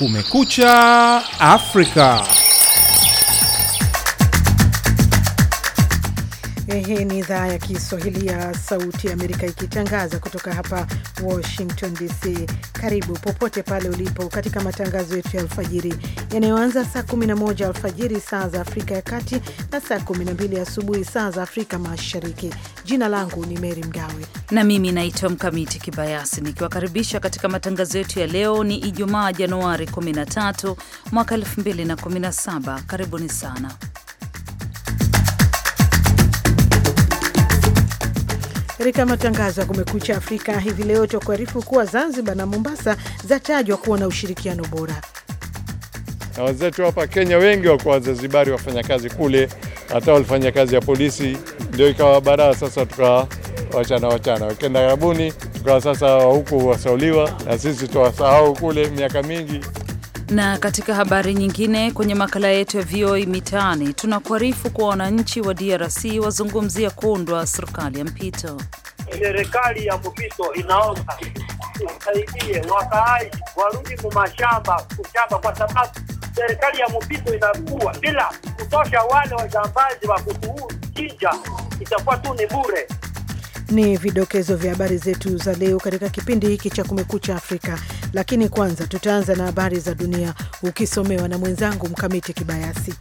Kumekucha Afrika. Hii ni idhaa ya Kiswahili ya Sauti ya Amerika ikitangaza kutoka hapa Washington DC. Karibu popote pale ulipo katika matangazo yetu ya alfajiri yanayoanza saa 11 alfajiri saa za Afrika ya Kati na saa 12 asubuhi saa za Afrika Mashariki. Jina langu ni mery Mgawe na mimi naitwa Mkamiti Kibayasi nikiwakaribisha katika matangazo yetu ya leo. Ni Ijumaa Januari 13 mwaka 2017. Karibuni sana Katika matangazo ya Kumekucha Afrika hivi leo, tukuarifu kuwa Zanzibar na Mombasa zatajwa kuwa na ushirikiano bora. Na wazetu hapa Kenya wengi wakuwa Wazanzibari, wafanya kazi kule, hata walifanya kazi ya polisi, ndio ikawa baraa. Sasa tukawa wachana wachana, wakenda karibuni tukawa sasa huku wasauliwa, na sisi tuwasahau kule miaka mingi. Na katika habari nyingine, kwenye makala yetu ya VOA Mitaani tunakuarifu kwa wananchi wa DRC wazungumzia kuundwa serikali ya mpito. Serikali ya mpito inaomba wasaidie wakaaji warudi mumashamba kushamba, kwa sababu serikali ya mpito inakuwa bila kutosha wale wajambazi wa kutuchinja, itakuwa tu ni bure ni vidokezo vya habari zetu za leo katika kipindi hiki cha Kumekucha Afrika, lakini kwanza tutaanza na habari za dunia ukisomewa na mwenzangu Mkamiti Kibayasi.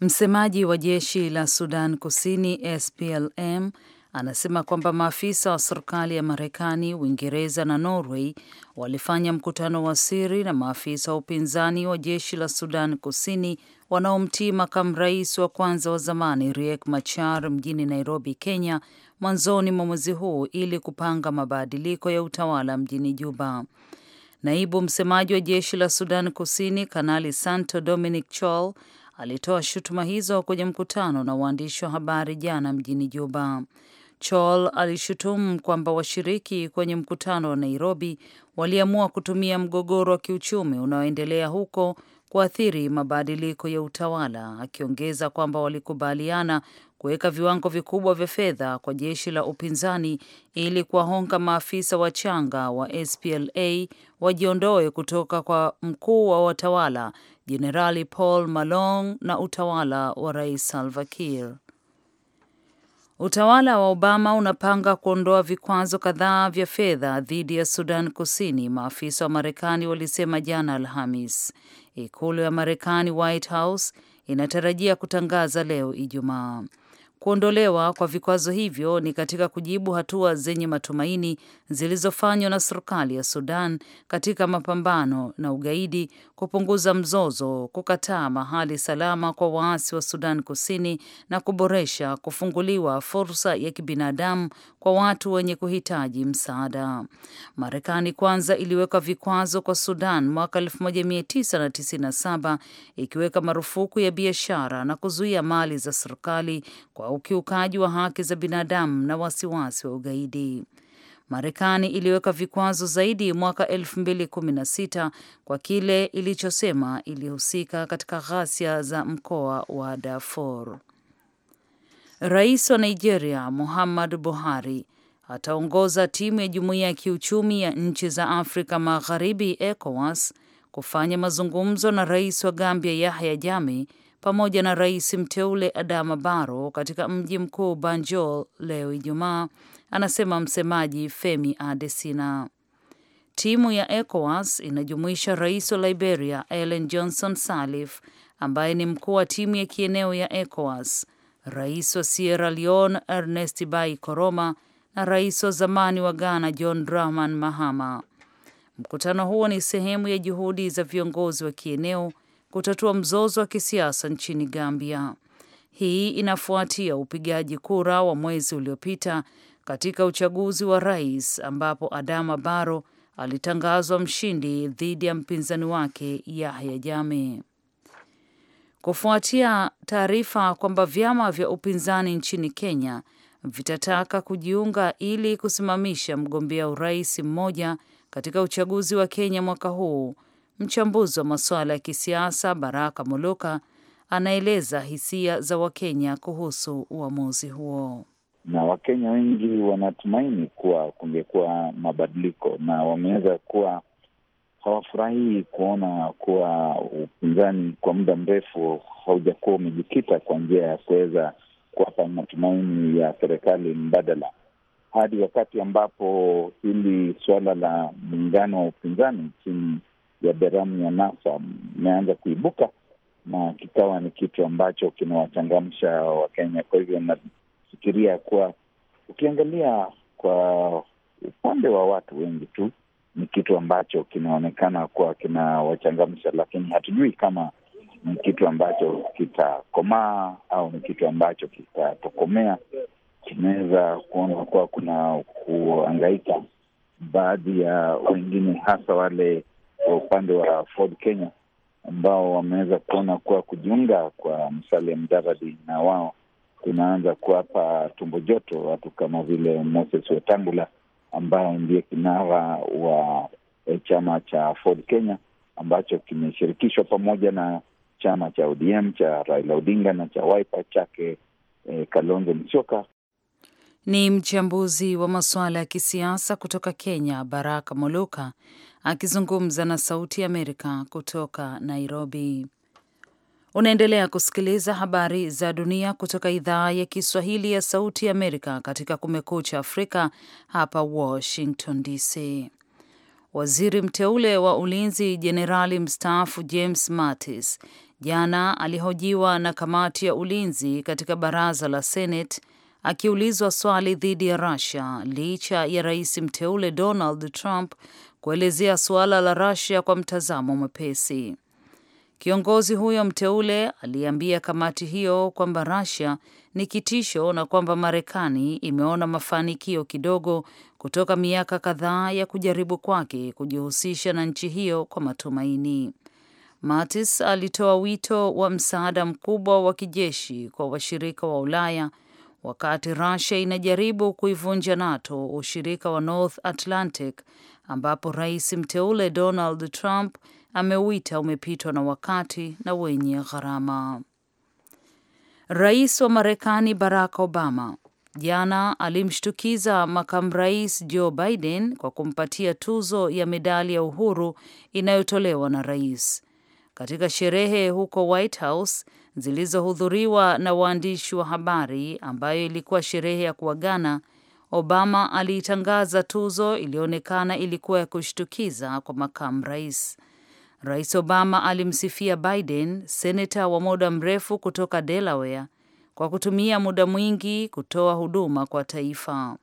Msemaji wa jeshi la Sudan Kusini SPLM anasema kwamba maafisa wa serikali ya Marekani, Uingereza na Norway walifanya mkutano wa siri na maafisa wa upinzani wa jeshi la Sudan Kusini wanaomtii makamu rais wa kwanza wa zamani Riek Machar mjini Nairobi, Kenya, mwanzoni mwa mwezi huu ili kupanga mabadiliko ya utawala mjini Juba. Naibu msemaji wa jeshi la Sudan Kusini, Kanali Santo Dominic Chol, alitoa shutuma hizo kwenye mkutano na waandishi wa habari jana mjini Juba. Chol alishutumu kwamba washiriki kwenye mkutano wa Nairobi waliamua kutumia mgogoro wa kiuchumi unaoendelea huko kuathiri mabadiliko ya utawala, akiongeza kwamba walikubaliana kuweka viwango vikubwa vya fedha kwa jeshi la upinzani ili kuwahonga maafisa wachanga wa SPLA wajiondoe kutoka kwa mkuu wa watawala Jenerali Paul Malong na utawala wa Rais Salva Kiir. Utawala wa Obama unapanga kuondoa vikwazo kadhaa vya fedha dhidi ya Sudan Kusini, maafisa wa Marekani walisema jana Alhamis. Ikulu ya Marekani, White House, inatarajia kutangaza leo Ijumaa. Kuondolewa kwa vikwazo hivyo ni katika kujibu hatua zenye matumaini zilizofanywa na serikali ya Sudan katika mapambano na ugaidi kupunguza mzozo, kukataa mahali salama kwa waasi wa Sudan Kusini na kuboresha kufunguliwa fursa ya kibinadamu kwa watu wenye kuhitaji msaada. Marekani kwanza iliweka vikwazo kwa Sudan mwaka 1997 ikiweka marufuku ya biashara na kuzuia mali za serikali kwa ukiukaji wa haki za binadamu na wasiwasi wa ugaidi. Marekani iliweka vikwazo zaidi mwaka 2016 kwa kile ilichosema ilihusika katika ghasia za mkoa wa Darfur. Rais wa Nigeria muhammad Buhari ataongoza timu ya jumuiya ya kiuchumi ya nchi za Afrika Magharibi ECOWAS kufanya mazungumzo na rais wa Gambia Yahya Jammeh pamoja na rais mteule Adama Barrow katika mji mkuu Banjul leo Ijumaa anasema msemaji Femi Adesina. Timu ya ECOWAS inajumuisha rais wa Liberia Ellen Johnson Sirleaf ambaye ni mkuu wa timu ya kieneo ya ECOWAS, rais wa Sierra Leone Ernest Bai Koroma na rais wa zamani wa Ghana John Dramani Mahama. Mkutano huo ni sehemu ya juhudi za viongozi wa kieneo kutatua mzozo wa kisiasa nchini Gambia. Hii inafuatia upigaji kura wa mwezi uliopita katika uchaguzi wa rais ambapo Adama baro alitangazwa mshindi dhidi ya mpinzani wake Yahya jame Kufuatia taarifa kwamba vyama vya upinzani nchini Kenya vitataka kujiunga ili kusimamisha mgombea urais mmoja katika uchaguzi wa Kenya mwaka huu, mchambuzi wa masuala ya kisiasa Baraka moluka anaeleza hisia za Wakenya kuhusu uamuzi huo na Wakenya wengi wanatumaini kuwa kungekuwa mabadiliko, na wameweza kuwa hawafurahii kuona kuwa upinzani kwa muda mrefu haujakuwa umejikita kwa njia ya kuweza kuwapa matumaini ya serikali mbadala, hadi wakati ambapo hili suala la muungano wa upinzani chini ya beramu ya NASA imeanza kuibuka na kikawa ni kitu ambacho kinawachangamsha Wakenya. Kwa hivyo kufikiria kuwa ukiangalia kwa upande wa watu wengi tu ni kitu ambacho kinaonekana kuwa kinawachangamsha, lakini hatujui kama ni kitu ambacho kitakomaa au ni kitu ambacho kitatokomea. kinaweza kuona kuwa kuna kuangaika baadhi ya wengine, hasa wale wa upande wa Ford Kenya ambao wameweza kuona kuwa kujiunga kwa msale mdaradi na wao kunaanza kuwapa tumbo joto watu kama vile Moses Wetangula ambaye ndiye kinara wa e, chama cha Ford Kenya ambacho kimeshirikishwa pamoja na chama cha ODM cha Raila Odinga na cha Wiper chake e, Kalonzo Musyoka. Ni mchambuzi wa masuala ya kisiasa kutoka Kenya, Baraka Moluka akizungumza na Sauti ya Amerika kutoka Nairobi. Unaendelea kusikiliza habari za dunia kutoka idhaa ya Kiswahili ya Sauti Amerika katika Kumekucha Afrika hapa Washington DC. Waziri mteule wa ulinzi jenerali mstaafu James Mattis jana alihojiwa na kamati ya ulinzi katika baraza la Senate akiulizwa swali dhidi ya Russia licha ya rais mteule Donald Trump kuelezea suala la Russia kwa mtazamo mwepesi. Kiongozi huyo mteule aliambia kamati hiyo kwamba Russia ni kitisho na kwamba Marekani imeona mafanikio kidogo kutoka miaka kadhaa ya kujaribu kwake kujihusisha na nchi hiyo kwa matumaini. Mattis alitoa wito wa msaada mkubwa wa kijeshi kwa washirika wa Ulaya wakati Russia inajaribu kuivunja NATO, ushirika wa North Atlantic, ambapo rais mteule Donald Trump ameuita umepitwa na wakati na wenye gharama. Rais wa Marekani Barack Obama jana alimshtukiza makamu rais Joe Biden kwa kumpatia tuzo ya medali ya uhuru inayotolewa na rais katika sherehe huko White House zilizohudhuriwa na waandishi wa habari, ambayo ilikuwa sherehe ya kuagana. Obama aliitangaza tuzo iliyoonekana ilikuwa ya kushtukiza kwa makamu rais. Rais Obama alimsifia Biden, seneta wa muda mrefu kutoka Delaware, kwa kutumia muda mwingi kutoa huduma kwa taifa.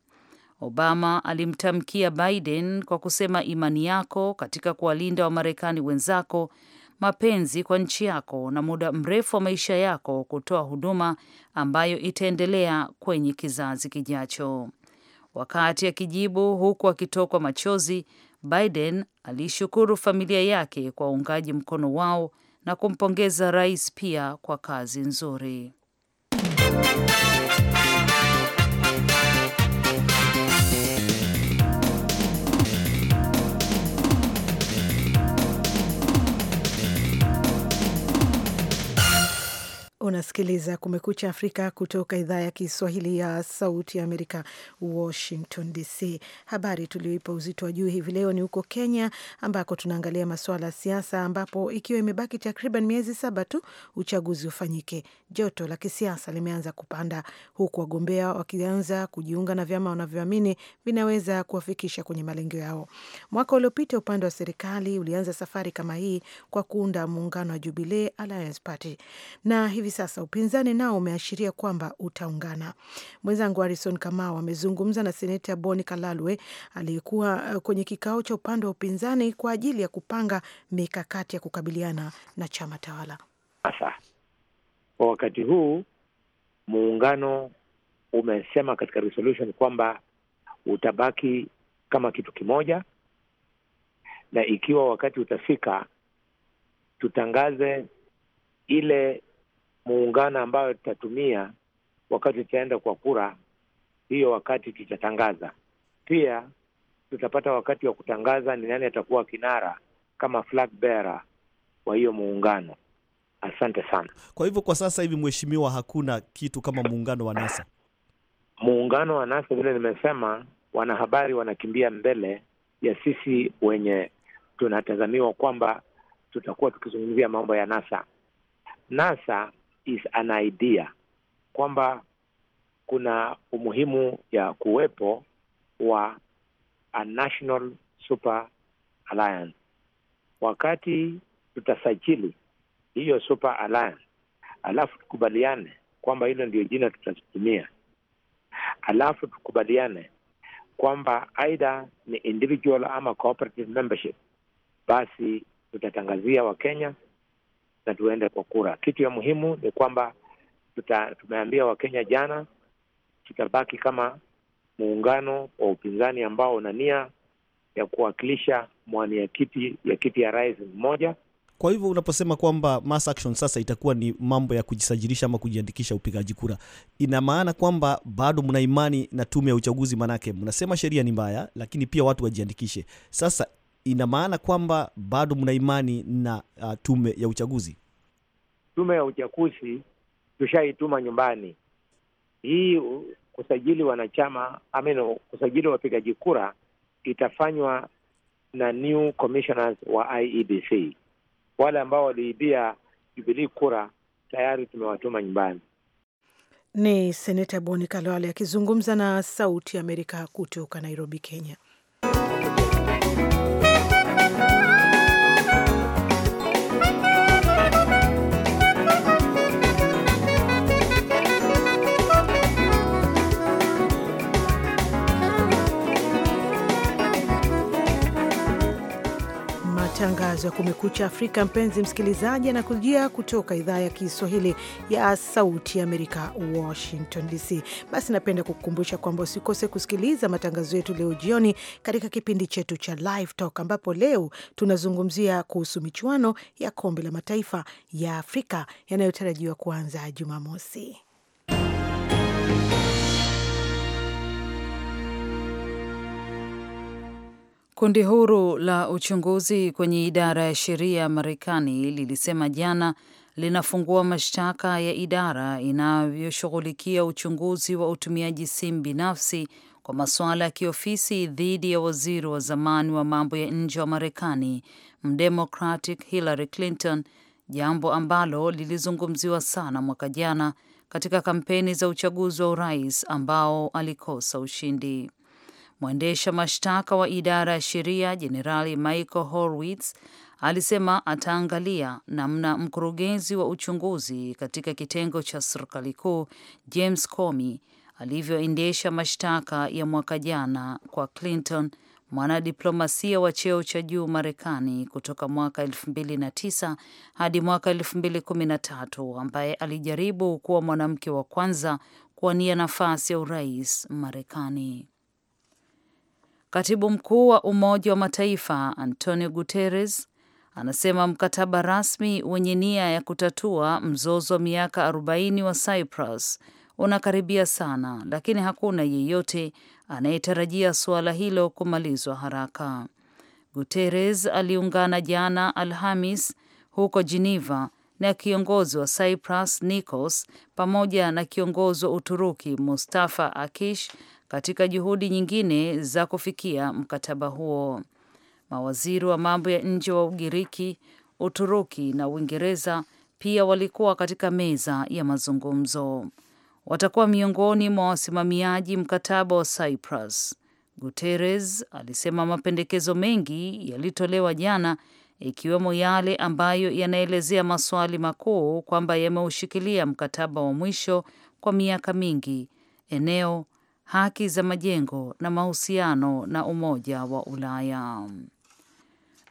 Obama alimtamkia Biden kwa kusema imani yako katika kuwalinda Wamarekani wenzako, mapenzi kwa nchi yako na muda mrefu wa maisha yako kutoa huduma ambayo itaendelea kwenye kizazi kijacho. Wakati akijibu huku akitokwa machozi, Biden aliishukuru familia yake kwa uungaji mkono wao na kumpongeza rais pia kwa kazi nzuri. Unasikiliza Kumekucha Afrika kutoka idhaa ya Kiswahili ya Sauti ya Amerika, Washington DC. Habari tulioipa uzito wa juu hivi leo ni huko Kenya, ambako tunaangalia masuala ya siasa, ambapo ikiwa imebaki takriban miezi saba tu uchaguzi ufanyike, joto la kisiasa limeanza kupanda, huku wagombea wakianza kujiunga na vyama wanavyoamini vinaweza kuwafikisha kwenye malengo yao. Mwaka uliopita upande wa serikali ulianza safari kama hii kwa kuunda muungano wa Jubilee Alliance Party na hivi sasa upinzani nao umeashiria kwamba utaungana. Mwenzangu Harison Kamau amezungumza na seneta Boni Kalalwe aliyekuwa eh, kwenye kikao cha upande wa upinzani kwa ajili ya kupanga mikakati ya kukabiliana na chama tawala. Sasa kwa wakati huu muungano umesema katika resolution kwamba utabaki kama kitu kimoja, na ikiwa wakati utafika tutangaze ile muungano ambayo tutatumia wakati tutaenda kwa kura hiyo, wakati tutatangaza. Pia tutapata wakati wa kutangaza ni nani atakuwa kinara kama flag bearer wa hiyo muungano. Asante sana. Kwa hivyo kwa sasa hivi, mheshimiwa, hakuna kitu kama muungano wa NASA. Muungano wa NASA, vile nimesema, wanahabari wanakimbia mbele ya sisi wenye tunatazamiwa kwamba tutakuwa tukizungumzia mambo ya NASA. NASA is an idea, kwamba kuna umuhimu ya kuwepo wa a national super alliance. Wakati tutasajili hiyo super alliance, alafu tukubaliane kwamba hilo ndio jina tutatumia, alafu tukubaliane kwamba aidha ni individual ama cooperative membership, basi tutatangazia Wakenya na tuende kwa kura. Kitu ya muhimu ni kwamba tuta, tumeambia Wakenya jana tutabaki kama muungano wa upinzani ambao una nia ya kuwakilisha mwania kiti ya kiti ya rais mmoja. Kwa hivyo unaposema kwamba mass action sasa itakuwa ni mambo ya kujisajilisha ama kujiandikisha upigaji kura, ina maana kwamba bado mna imani na tume ya uchaguzi? Manake mnasema sheria ni mbaya, lakini pia watu wajiandikishe. Sasa ina maana kwamba bado mna imani na uh, tume ya uchaguzi? Tume ya uchaguzi tushaituma nyumbani. Hii kusajili wanachama ameno, kusajili wapigaji kura itafanywa na new commissioners wa IEBC. Wale ambao waliibia jubilii kura tayari tumewatuma nyumbani. Ni Seneta Boni Kalwale akizungumza na Sauti ya Amerika kutoka Nairobi, Kenya. Matangazo ya Kumekucha Afrika, mpenzi msikilizaji, anakujia kutoka idhaa ya Kiswahili ya Sauti ya Amerika, Washington DC. Basi napenda kukukumbusha kwamba usikose kusikiliza matangazo yetu leo jioni katika kipindi chetu cha Live Talk, ambapo leo tunazungumzia kuhusu michuano ya Kombe la Mataifa ya Afrika yanayotarajiwa kuanza Jumamosi. Kundi huru la uchunguzi kwenye idara ya sheria ya Marekani lilisema jana linafungua mashtaka ya idara inayoshughulikia uchunguzi wa utumiaji simu binafsi kwa masuala ya kiofisi dhidi ya waziri wa zamani wa mambo ya nje wa Marekani mdemocratic Hillary Clinton, jambo ambalo lilizungumziwa sana mwaka jana katika kampeni za uchaguzi wa urais ambao alikosa ushindi. Mwendesha mashtaka wa idara ya sheria Jenerali Michael Horwitz alisema ataangalia namna mkurugenzi wa uchunguzi katika kitengo cha serikali kuu James Comey alivyoendesha mashtaka ya mwaka jana kwa Clinton, mwanadiplomasia wa cheo cha juu Marekani kutoka mwaka 2009 hadi mwaka 2013 ambaye alijaribu kuwa mwanamke wa kwanza kuwania nafasi ya urais Marekani. Katibu mkuu wa Umoja wa Mataifa Antonio Guterres anasema mkataba rasmi wenye nia ya kutatua mzozo wa miaka 40 wa Cyprus unakaribia sana, lakini hakuna yeyote anayetarajia suala hilo kumalizwa haraka. Guterres aliungana jana Alhamis huko Geneva na kiongozi wa Cyprus Nikos pamoja na kiongozi wa Uturuki Mustafa Akish katika juhudi nyingine za kufikia mkataba huo. Mawaziri wa mambo ya nje wa Ugiriki, Uturuki na Uingereza pia walikuwa katika meza ya mazungumzo. Watakuwa miongoni mwa wasimamiaji mkataba wa Cyprus. Guterres alisema mapendekezo mengi yalitolewa jana, ikiwemo yale ambayo yanaelezea maswali makuu kwamba yameushikilia mkataba wa mwisho kwa miaka mingi: eneo, haki za majengo na mahusiano na Umoja wa Ulaya.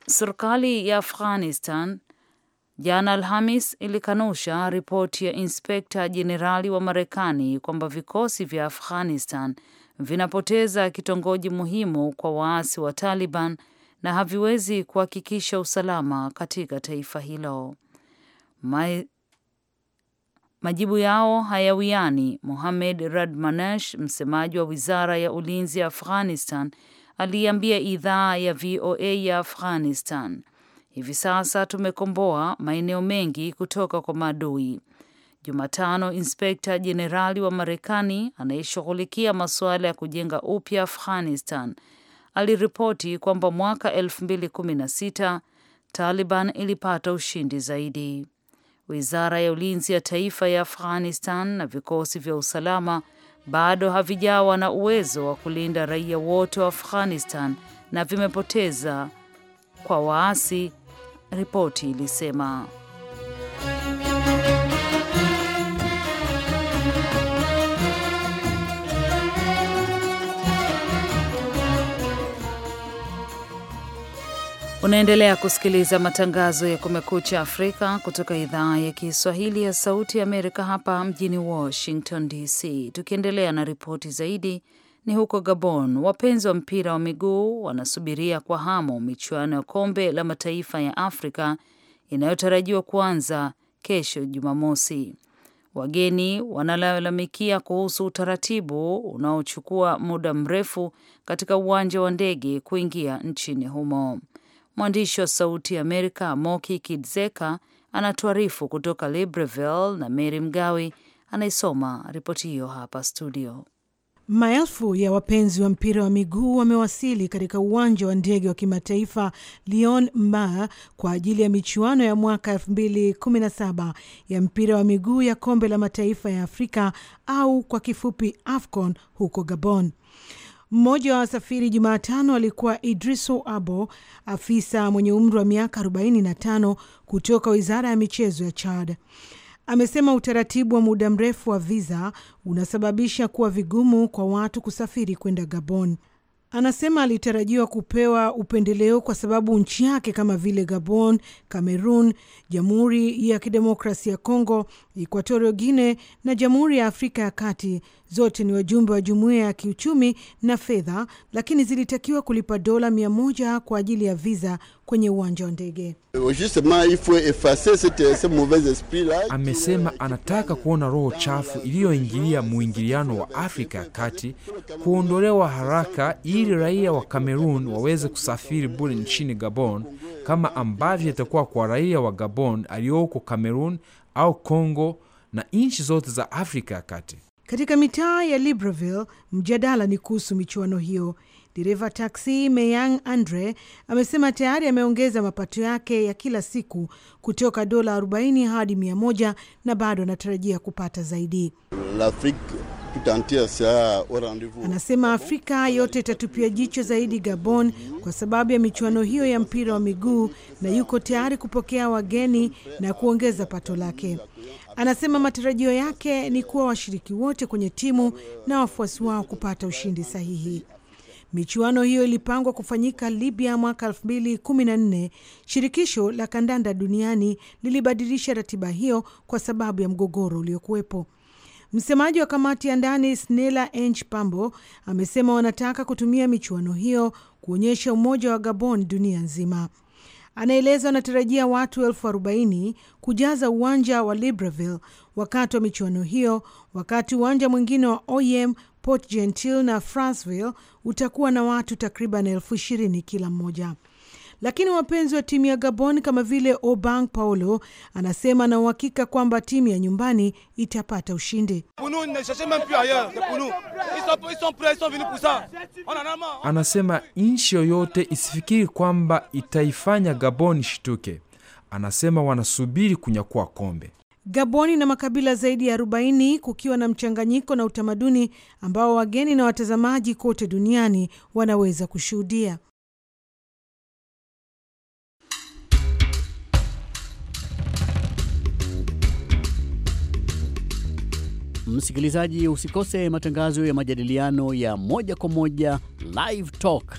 Serikali ya Afghanistan jana Alhamis ilikanusha ripoti ya inspekta jenerali wa Marekani kwamba vikosi vya Afghanistan vinapoteza kitongoji muhimu kwa waasi wa Taliban na haviwezi kuhakikisha usalama katika taifa hilo majibu yao hayawiani. Mohamed Radmanesh, msemaji wa wizara ya ulinzi ya Afghanistan, aliambia idhaa ya VOA ya Afghanistan, hivi sasa tumekomboa maeneo mengi kutoka kwa maadui. Jumatano, inspekta jenerali wa Marekani anayeshughulikia masuala ya kujenga upya Afghanistan aliripoti kwamba mwaka 2016 Taliban ilipata ushindi zaidi. Wizara ya Ulinzi ya Taifa ya Afghanistan na vikosi vya usalama bado havijawa na uwezo wa kulinda raia wote wa Afghanistan na vimepoteza kwa waasi, ripoti ilisema. Unaendelea kusikiliza matangazo ya Kumekucha Afrika kutoka idhaa ya Kiswahili ya Sauti ya Amerika hapa mjini Washington DC. Tukiendelea na ripoti zaidi, ni huko Gabon, wapenzi wa mpira wa miguu wanasubiria kwa hamu michuano ya Kombe la Mataifa ya Afrika inayotarajiwa kuanza kesho Jumamosi. Wageni wanalalamikia kuhusu utaratibu unaochukua muda mrefu katika uwanja wa ndege kuingia nchini humo. Mwandishi wa Sauti ya Amerika Moki Kidzeka anatuarifu kutoka Libreville na Mary Mgawe anayesoma ripoti hiyo hapa studio. Maelfu ya wapenzi wa mpira wa miguu wamewasili katika uwanja wa ndege wa kimataifa Lyon Ma kwa ajili ya michuano ya mwaka 2017 ya mpira wa miguu ya kombe la mataifa ya Afrika au kwa kifupi AFCON huko Gabon. Mmoja wa wasafiri Jumatano alikuwa Idrisu Abo, afisa mwenye umri wa miaka 45 kutoka wizara ya michezo ya Chad. Amesema utaratibu wa muda mrefu wa viza unasababisha kuwa vigumu kwa watu kusafiri kwenda Gabon. Anasema alitarajiwa kupewa upendeleo kwa sababu nchi yake kama vile Gabon, Cameroon, Jamhuri ya Kidemokrasia ya Kongo, Equatorio Guine na Jamhuri ya Afrika ya Kati zote ni wajumbe wa Jumuiya ya Kiuchumi na Fedha, lakini zilitakiwa kulipa dola mia moja kwa ajili ya viza kwenye uwanja wa ndege. Amesema anataka kuona roho chafu iliyoingilia muingiliano wa Afrika ya kati kuondolewa haraka, ili raia wa Kamerun waweze kusafiri bure nchini Gabon, kama ambavyo itakuwa kwa raia wa Gabon aliyoko Kamerun au congo na nchi zote za Afrika ya kati. Katika mitaa ya Libreville, mjadala ni kuhusu michuano hiyo Dereva taksi Meyang Andre amesema tayari ameongeza mapato yake ya kila siku kutoka dola 40 hadi 100 na bado anatarajia kupata zaidi. Anasema Afrika yote itatupia jicho zaidi Gabon kwa sababu ya michuano hiyo ya mpira wa miguu na yuko tayari kupokea wageni na kuongeza pato lake. Anasema matarajio yake ni kuwa washiriki wote kwenye timu na wafuasi wao kupata ushindi sahihi. Michuano hiyo ilipangwa kufanyika Libya mwaka 2014. Shirikisho la kandanda duniani lilibadilisha ratiba hiyo kwa sababu ya mgogoro uliokuwepo. Msemaji wa kamati ya ndani Snela Ench Pambo amesema wanataka kutumia michuano hiyo kuonyesha umoja wa Gabon dunia nzima. Anaeleza wanatarajia watu elfu arobaini kujaza uwanja wa Libreville wakati wa michuano hiyo, wakati uwanja mwingine wa Oyem Port Gentil na Franceville utakuwa na watu takriban elfu ishirini kila mmoja. Lakini wapenzi wa timu ya Gabon kama vile Obang Paulo anasema na uhakika kwamba timu ya nyumbani itapata ushindi. Anasema nchi yoyote isifikiri kwamba itaifanya Gabon shtuke Anasema wanasubiri kunyakua kombe. Gaboni na makabila zaidi ya 40 kukiwa na mchanganyiko na utamaduni ambao wageni na watazamaji kote duniani wanaweza kushuhudia. Msikilizaji, usikose matangazo ya majadiliano ya moja kwa moja Live Talk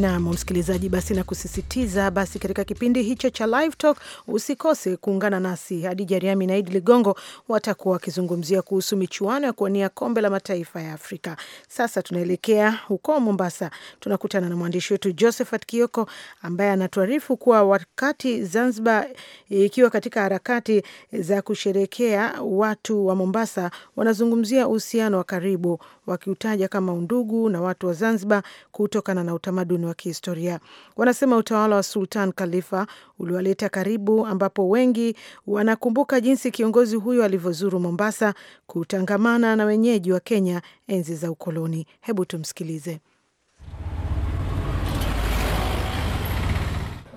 Nam msikilizaji, basi na kusisitiza basi, katika kipindi hicho cha Live Talk usikose kuungana nasi. Hadija Riami na Idi Ligongo watakuwa wakizungumzia kuhusu michuano ya kuwania kombe la mataifa ya Afrika. Sasa tunaelekea huko Mombasa, tunakutana na mwandishi wetu Josephat Kioko ambaye anatuarifu kuwa wakati Zanzibar ikiwa katika harakati za kusherekea, watu wa Mombasa wanazungumzia uhusiano wa karibu, wakiutaja kama undugu na watu wa Zanzibar kutokana na utamaduni utamaduni wa kihistoria. Wanasema utawala wa Sultan Khalifa uliwaleta karibu, ambapo wengi wanakumbuka jinsi kiongozi huyo alivyozuru Mombasa kutangamana na wenyeji wa Kenya enzi za ukoloni. Hebu tumsikilize.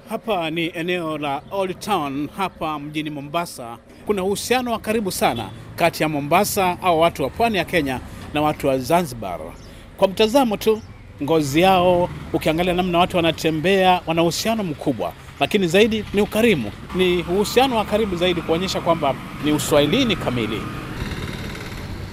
Hapa ni eneo la Old Town hapa mjini Mombasa. Kuna uhusiano wa karibu sana kati ya Mombasa au watu wa pwani ya Kenya na watu wa Zanzibar. Kwa mtazamo tu ngozi yao, ukiangalia namna watu wanatembea, wana uhusiano mkubwa, lakini zaidi ni ukarimu, ni uhusiano wa karibu zaidi, kuonyesha kwamba ni uswahilini kamili.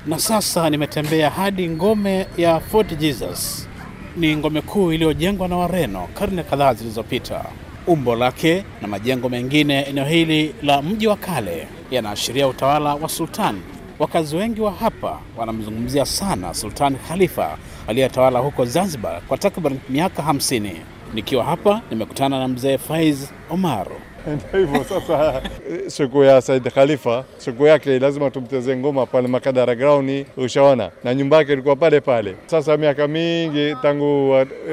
Na sasa nimetembea hadi ngome ya Fort Jesus. Ni ngome kuu iliyojengwa na Wareno karne kadhaa zilizopita. Umbo lake na majengo mengine eneo hili la mji wa kale yanaashiria utawala wa sultani Wakazi wengi wa hapa wanamzungumzia sana Sultan Khalifa aliyetawala huko Zanzibar kwa takriban miaka hamsini. Nikiwa hapa nimekutana na mzee Faiz Omar. Ndio hivyo sasa, siku ya Said Khalifa, siku yake lazima tumtezee ngoma pale Makadara Ground, ushaona, na nyumba yake ilikuwa pale pale. Sasa miaka mingi tangu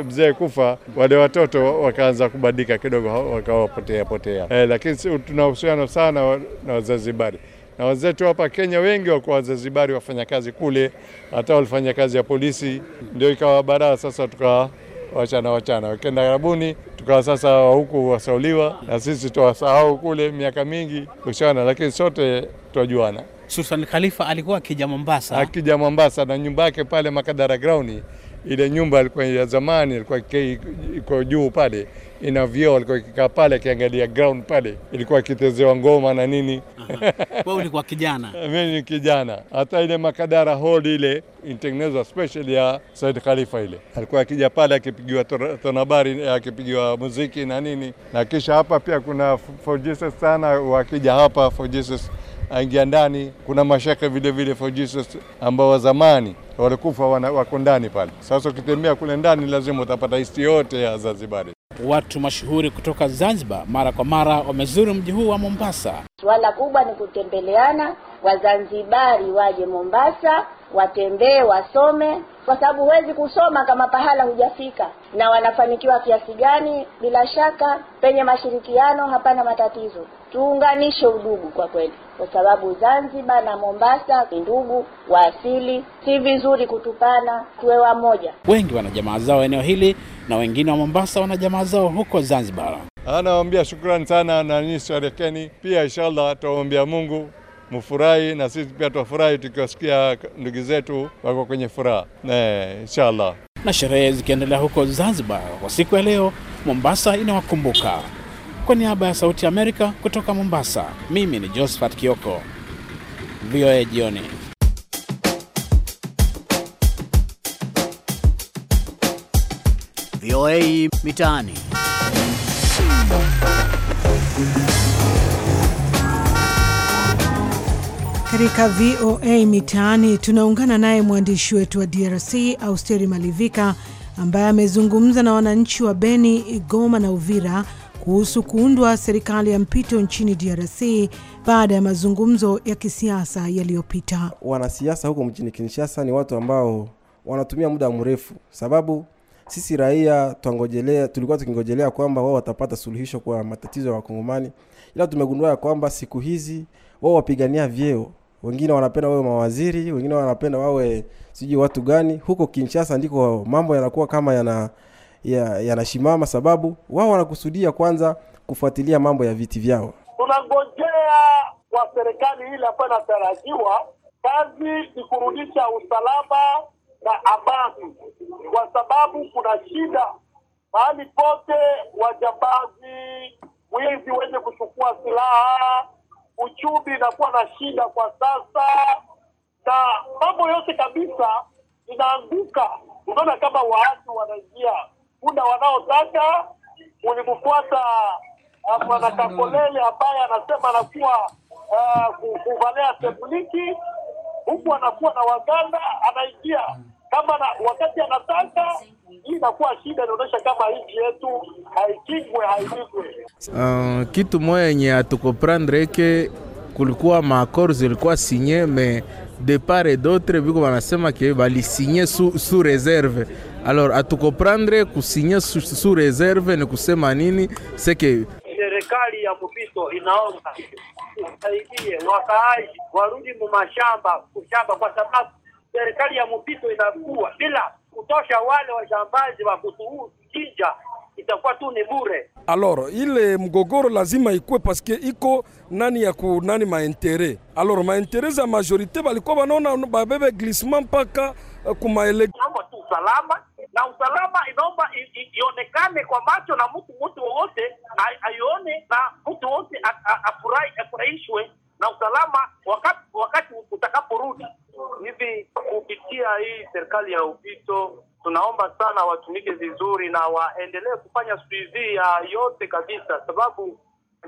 mzee kufa, wale watoto wakaanza kubadilika kidogo, wakawa potea, eh, lakini tunahusiana sana na Wazanzibari na wazetu hapa Kenya wengi wakuwa Wazanzibari wafanya kazi kule, hata walifanya kazi ya polisi, ndio ikawa baraa. Sasa tukawa wachana wachana, wakenda karibuni tukawa sasa huku wasauliwa na sisi tuwasahau kule, miaka mingi kushana, lakini sote twajuana. Susan Khalifa alikuwa akija Mombasa, akija Mombasa na nyumba yake pale Makadara Ground ile nyumba ilikuwa ya zamani, ilikuwa iko juu pale, ina vioo, alikuwa ikikaa pale akiangalia ground pale, ilikuwa ikitezewa ngoma na nini. hiyo ulikuwa kijana? Mimi ni kijana. Hata ile Makadara Hall ile ilitengenezwa special ya Said Khalifa, ile alikuwa akija pale akipigiwa tonabari, akipigiwa muziki na nini, na kisha hapa pia kuna For Jesus sana, wakija hapa For Jesus aingia ndani. Kuna mashaka vile vile for Jesus ambao zamani walikufa wako ndani pale. Sasa ukitembea kule ndani, lazima utapata histi yote ya Zanzibari. Watu mashuhuri kutoka Zanzibar mara kwa mara wamezuru mji huu wa Mombasa. Suala kubwa ni kutembeleana, Wazanzibari waje Mombasa, watembee, wasome, kwa sababu huwezi kusoma kama pahala hujafika. Na wanafanikiwa kiasi gani? Bila shaka penye mashirikiano hapana matatizo. Tuunganishe udugu kwa kweli kwa sababu Zanzibar na Mombasa ni ndugu wa asili, si vizuri kutupana, tuwe wamoja. Wengi wana jamaa zao eneo hili na wengine wa Mombasa wana jamaa zao huko Zanzibar. Anawaambia shukrani sana na nyinyi sherekeni pia, inshallah tuwaombea Mungu mufurahi na sisi pia tuwafurahi tukiwasikia ndugu zetu wako kwenye furaha inshallah. Na sherehe zikiendelea huko Zanzibar kwa siku ya leo, Mombasa inawakumbuka kwa niaba ya Sauti Amerika kutoka Mombasa, mimi ni Josephat Kioko, VOA Jioni. VOA Mitaani. Katika VOA Mitaani tunaungana naye mwandishi wetu wa DRC Austeri Malivika ambaye amezungumza na wananchi wa Beni, Goma na Uvira kuhusu kuundwa serikali ya mpito nchini DRC baada ya mazungumzo ya kisiasa yaliyopita. Wanasiasa huko mjini Kinshasa ni watu ambao wanatumia muda mrefu, sababu sisi raia tuangojelea, tulikuwa tukingojelea kwamba wao watapata suluhisho kwa matatizo ya Wakongomani, ila tumegundua ya kwamba siku hizi wao wapigania vyeo wengine wanapenda wawe mawaziri, wengine wanapenda wawe sijui watu gani. Huko Kinshasa ndiko mambo yanakuwa kama yana yanashimama ya sababu wao wanakusudia kwanza kufuatilia mambo ya viti vyao. Tunangojea kwa serikali ile ambayo inatarajiwa kazi ni kurudisha usalama na amani, kwa sababu kuna shida mahali pote, wajambazi, wizi wenye kuchukua silaha, uchumi inakuwa na shida kwa sasa, na mambo yote kabisa inaanguka. Unaona kama waasi wanaingia muda wanaotaka ulimfuata ah, Bwana Kakolele ambaye anasema anakuwa uh, kuvalea sebliki huku anakuwa na Waganda anaingia kama na, wakati anataka hii inakuwa shida, inaonyesha kama nchi yetu haikingwe hailindwe. Uh, ah, kitu moya yenye atukoprendre ke kulikuwa maakor zilikuwa sinye me de part et d'autre, viko wanasema ke walisinye sous su reserve. Alors atukoprendre kusinye sous su reserve ni kusema nini? Seke serikali ya mpito inaomba saidie wakaaji warudi mumashamba kushamba, kwa sababu serikali ya mpito inakuwa bila kutosha wale wajambazi wa kutuuchinja itakuwa tu ni bure. Alors ile mgogoro lazima ikuwe paske iko nani ya ku nani maentere. Alors maentere za majorite balikuwa banaona babebe glissement mpaka uh, eh, kumaele naomba tu usalama na usalama inaomba ionekane kwa macho na mtu mtu wowote aione na mtu wote afurahishwe na usalama wakati, wakati utakaporudi hivi kupitia hii serikali ya upito tunaomba sana watumike vizuri na waendelee kufanya suivi ya yote kabisa, sababu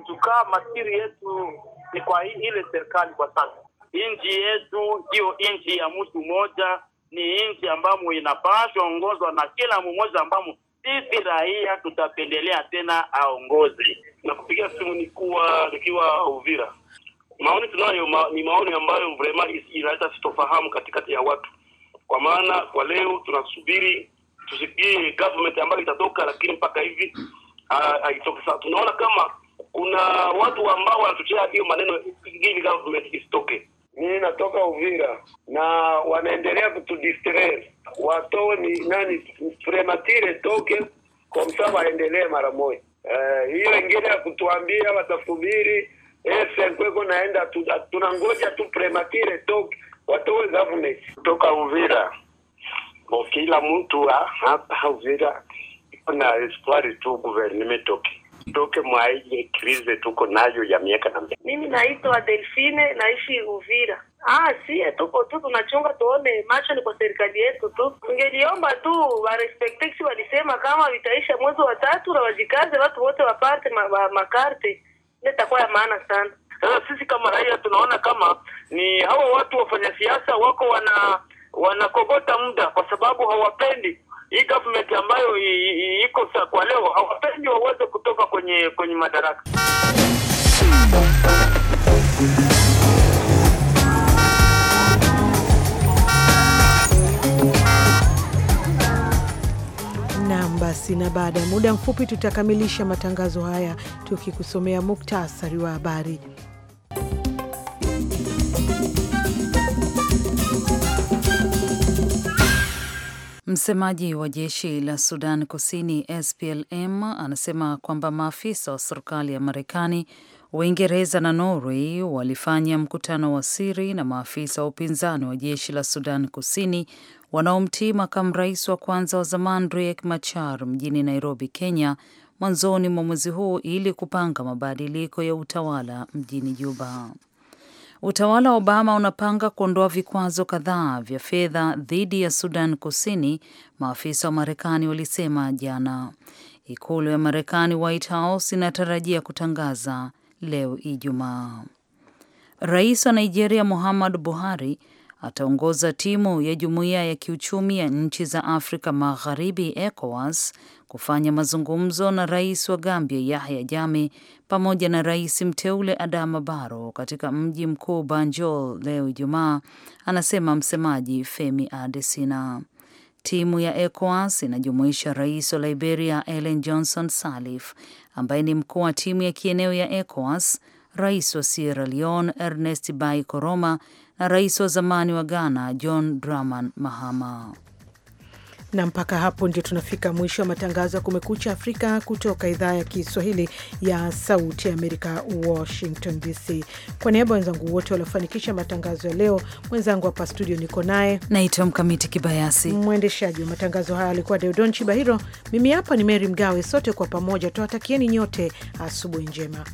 tukaa masiri yetu ni kwa ile serikali kwa sasa. Nchi yetu hiyo nchi ya mtu mmoja, ni nchi ambamo inapaswa ongozwa na kila mmoja, ambamo sisi raia tutapendelea tena aongoze. Na kupiga simu ni kuwa nikiwa Uvira maoni tunayo ma, ni maoni ambayo vraiment inaleta sitofahamu katikati ya watu, kwa maana kwa leo tunasubiri tusikie government ambayo itatoka, lakini mpaka hivi ah, haitoki. Sasa tunaona kama kuna watu ambao wanachochea hiyo maneno ingini government isitoke. Mimi natoka Uvira na wanaendelea kutudistraire, watoe ni nani prematire toke kwa msaa waendelee mara moja. Eh, hiyo Uh, ingine ya kutuambia watasubiri AFL kwa naenda tunangoja tu prematire toke watoe government kutoka Uvira. Kila mtu hapa Uvira na espoir tu government toke toke mwa ile krize tuko nayo ya miaka na mbele. Mimi naitwa Delphine, naishi Uvira. Ah, sie tuko tu tunachunga tuone, macho ni kwa serikali yetu tu. ungeliomba tu si walisema kama vitaisha mwezi wa tatu, na wajikaze watu wote wapate makarte ma, ma, ma itakuwa ya maana sana. Sasa sisi kama raia tunaona kama ni hawa watu wafanya siasa wako wana wanakogota muda, kwa sababu hawapendi hii government ambayo iko kwa leo, hawapendi waweze kutoka kwenye kwenye madaraka. basi, na baada ya muda mfupi tutakamilisha matangazo haya tukikusomea muktasari wa habari. Msemaji wa jeshi la Sudan Kusini SPLM anasema kwamba maafisa wa serikali ya Marekani Uingereza na Norway walifanya mkutano wa siri na maafisa wa upinzani wa jeshi la Sudan Kusini wanaomtii makamu rais wa kwanza wa zamani Riek Machar mjini Nairobi, Kenya mwanzoni mwa mwezi huu ili kupanga mabadiliko ya utawala mjini Juba. Utawala wa Obama unapanga kuondoa vikwazo kadhaa vya fedha dhidi ya Sudan Kusini, maafisa wa Marekani walisema jana. Ikulu ya Marekani, White House, inatarajia kutangaza leo Ijumaa. Rais wa Nigeria Muhammadu Buhari ataongoza timu ya jumuiya ya kiuchumi ya nchi za Afrika Magharibi ECOWAS kufanya mazungumzo na rais wa Gambia Yahya jame pamoja na rais mteule Adama baro katika mji mkuu Banjul leo Ijumaa, anasema msemaji Femi Adesina. Timu ya ECOWAS inajumuisha rais wa Liberia Ellen Johnson Sirleaf, ambaye ni mkuu wa timu ya kieneo ya ECOWAS, rais wa Sierra Leone Ernest Bai Koroma na rais wa zamani wa Ghana John Dramani Mahama na mpaka hapo ndio tunafika mwisho wa matangazo ya Kumekucha Afrika kutoka idhaa ya Kiswahili ya Sauti ya Amerika, Washington DC. Kwa niaba ya wenzangu wote waliofanikisha matangazo ya leo, mwenzangu hapa studio niko naye naitwa Mkamiti Kibayasi, mwendeshaji wa matangazo haya alikuwa Deodon Chibahiro, mimi hapa ni mery Mgawe. Sote kwa pamoja tuwatakieni nyote asubuhi njema.